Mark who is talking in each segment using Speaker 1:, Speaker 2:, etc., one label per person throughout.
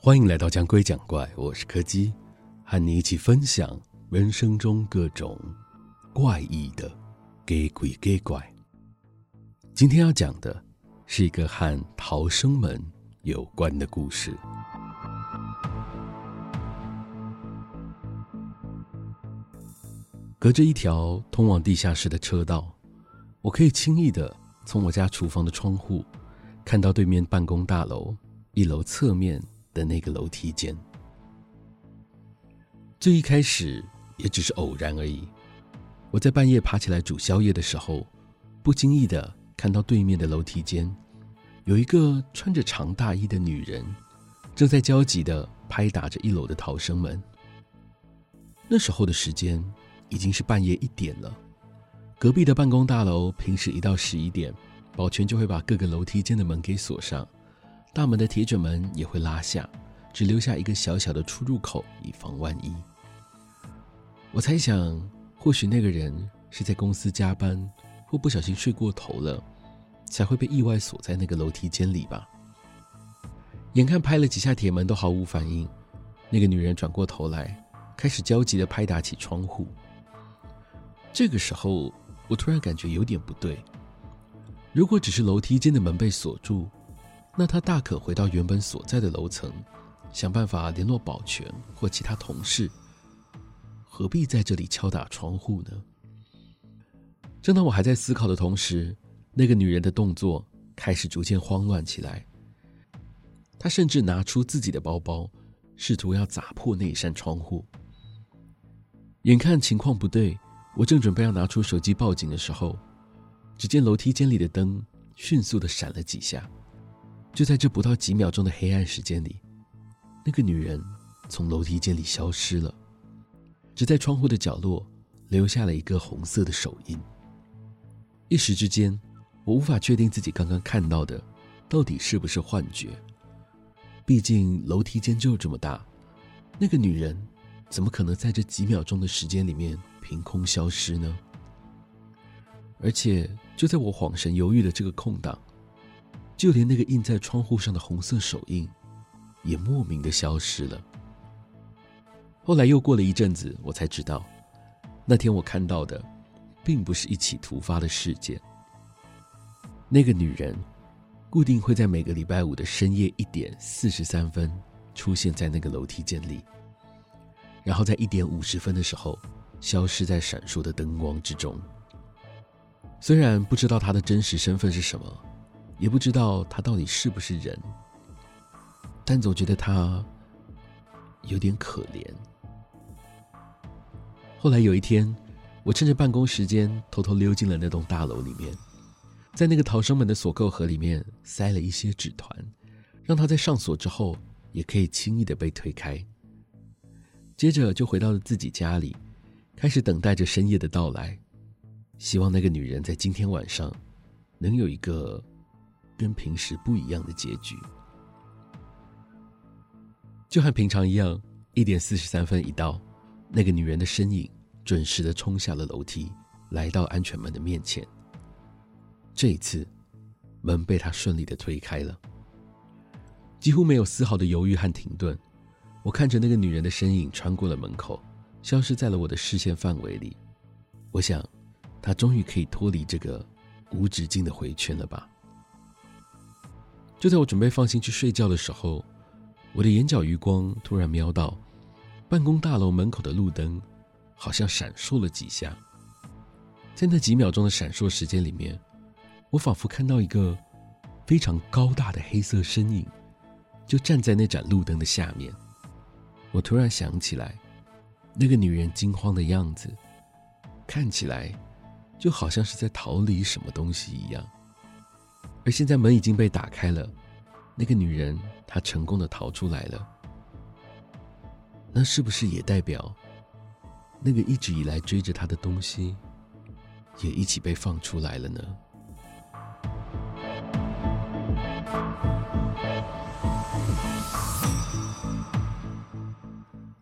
Speaker 1: 歡迎來到講鬼講怪，我是柯基，和你一起分享人生中各種怪異的講鬼講怪。今天要講的是一個和逃生門有關的故事。隔着一條通往地下室的車道，我可以輕易的從我家廚房的窗戶。看到對面辦公大樓一樓側面的那個樓梯間，最一開始也只是偶然而已。我在半夜爬起來煮宵夜的時候，不經意的看到對面的樓梯間有一個穿着長大衣的女人，正在焦急的拍打着一樓的逃生門。那時候的時間已經是半夜一點了，隔壁的辦公大樓平時一到十一點。保全就會把各個樓梯間的門給鎖上，大門的鐵捲門也會拉下，只留下一個小小的出入口，以防萬一。我猜想，或許那個人是在公司加班，或不小心睡過頭了，才會被意外鎖在那個樓梯間裡吧。眼看拍了幾下鐵門都毫無反應，那個女人轉過頭來，開始焦急地拍打起窗戶。這個時候，我突然感覺有點不對。如果只是樓梯間的門被鎖住，那他大可回到原本所在的樓層，想辦法聯絡保全或其他同事，何必在這裡敲打窗戶呢？正當我還在思考的同時，那個女人的動作開始逐漸慌亂起來，她甚至拿出自己的包包，試圖要砸破那一扇窗戶。眼看情況不對，我正準備要拿出手機報警的時候，只見樓梯間裡的燈迅速的閃了幾下，就在這不到幾秒鐘的黑暗時間裡，那個女人從樓梯間裡消失了，只在窗戶的角落留下了一個紅色的手印。一時之間，我無法確定自己剛剛看到的到底是不是幻覺，畢竟樓梯間就這麼大，那個女人怎麼可能在這幾秒鐘的時間裡面憑空消失呢？而且，就在我恍神猶豫的這個空檔，就連那個印在窗戶上的紅色手印，也莫名的消失了。後來又過了一陣子，我才知道，那天我看到的，並不是一起突發的事件。那個女人，固定會在每個禮拜五的深夜一點四十三分，出現在那個樓梯間裡，然後在一點五十分的時候，消失在閃爍的燈光之中。雖然不知道他的真實身份是什麼，也不知道他到底是不是人，但總覺得他有點可憐。後來有一天，我趁着辦公時間偷偷溜進了那棟大樓裡面，在那個逃生門的鎖扣盒裡面塞了一些紙團，讓他在上鎖之後也可以輕易的被推開。接着就回到了自己家裡，開始等待着深夜的到來。希望那個女人在今天晚上，能有一個跟平時不一樣的結局。就和平常一樣，一點四十三分一到，那個女人的身影準時的衝下了樓梯，來到安全門的面前。這一次，門被她順利的推開了，幾乎沒有絲毫的猶豫和停頓。我看着那個女人的身影穿過了門口，消失在了我的視線範圍裡。我想，他終於可以脫離這個無止境的迴圈了吧？就在我準備放心去睡覺的時候，我的眼角餘光突然瞄到，辦公大樓門口的路燈，好像閃爍了幾下。在那幾秒鐘的閃爍時間裡面，我仿佛看到一個非常高大的黑色身影，就站在那盞路燈的下面。我突然想起來，那個女人驚慌的樣子，看起來，就好像是在逃離什麼東西一樣，而現在門已經被打開了，那個女人她成功地逃出來了，那是不是也代表那個一直以來追着她的東西也一起被放出來了呢？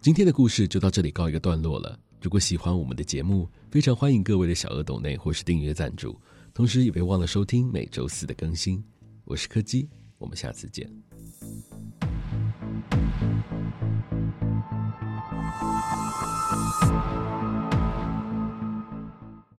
Speaker 1: 今天的故事就到這裡告一個段落了。如果喜歡我們的節目，非常歡迎各位的小額抖內或是訂閱贊助，同時也別忘了收聽每週四的更新。我是柯基，我們下次見。